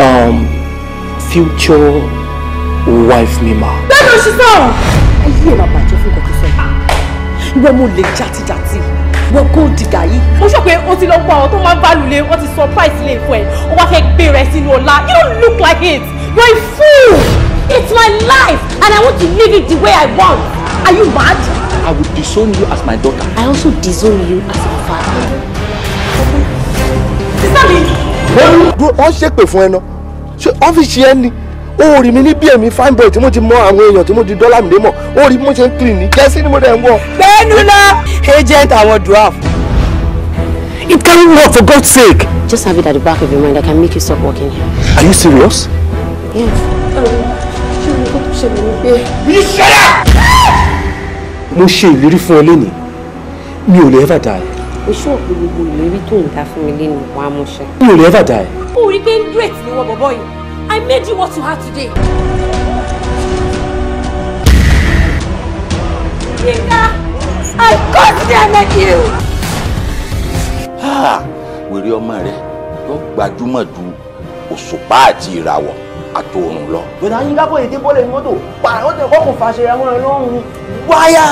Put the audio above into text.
um, future wife mi ma. What ló ṣe sọ. ayé ẹ̀ máa bàjẹ́ fún kòtò sọ yìí ìwọ mo lè jàtijàti ìwọ gold digger yìí. mo sọ pé o to lọ gbọ́ àwọn tó máa ń bálu lé wọ́n surprise lè fún ẹ o wá fẹ́ gbé rẹ sínú ọ̀la you don't look like it You're a fool it's my life and i want to live it the way i want are you mad. i would disown you as my daughter. i also disown you as my father wọ́n ṣépè fún ẹ náà ṣé ọ́fíìsì ẹ ni ó rí mi ní bí fine boy tí mo ti mọ àwọn èèyàn tí mo ti dọ́là mi lé mọ̀ ó rí bí mo ṣe ń clean ní jẹ́sí ni mo dẹ̀ ń wọ̀. bẹ́ẹ̀ni la agent àwọn dwarf. it can work for God's sake. just have it at the back of your mind I can make you stop working here. are you serious. yes. mi ṣẹlẹ̀. mo ṣe ìlérí fún ẹ lónìí mi ò lè ever die mo ṣọ́ pé gbogbo ìlérí tó ń dá fún mi lẹ́nu wàá mú ṣe. mi ò rí ẹ̀fà dá ẹ. o rí pé great ni wọ́n bọ̀bọ̀ yìí I made you what you are today. Yinka, I condemn you. Ah, wèrè ọmọ rẹ yóò gbajúmọ̀ ju òṣùpá àti ìràwọ̀ àtòrùn lọ. gbèdà yín kápò ètè bọ́lẹ̀ mọ́tò pààrọ̀ tẹ̀ kọ́kùn fàṣẹ ẹ̀wọ̀n ẹ̀ lọ́rùn. wáyà.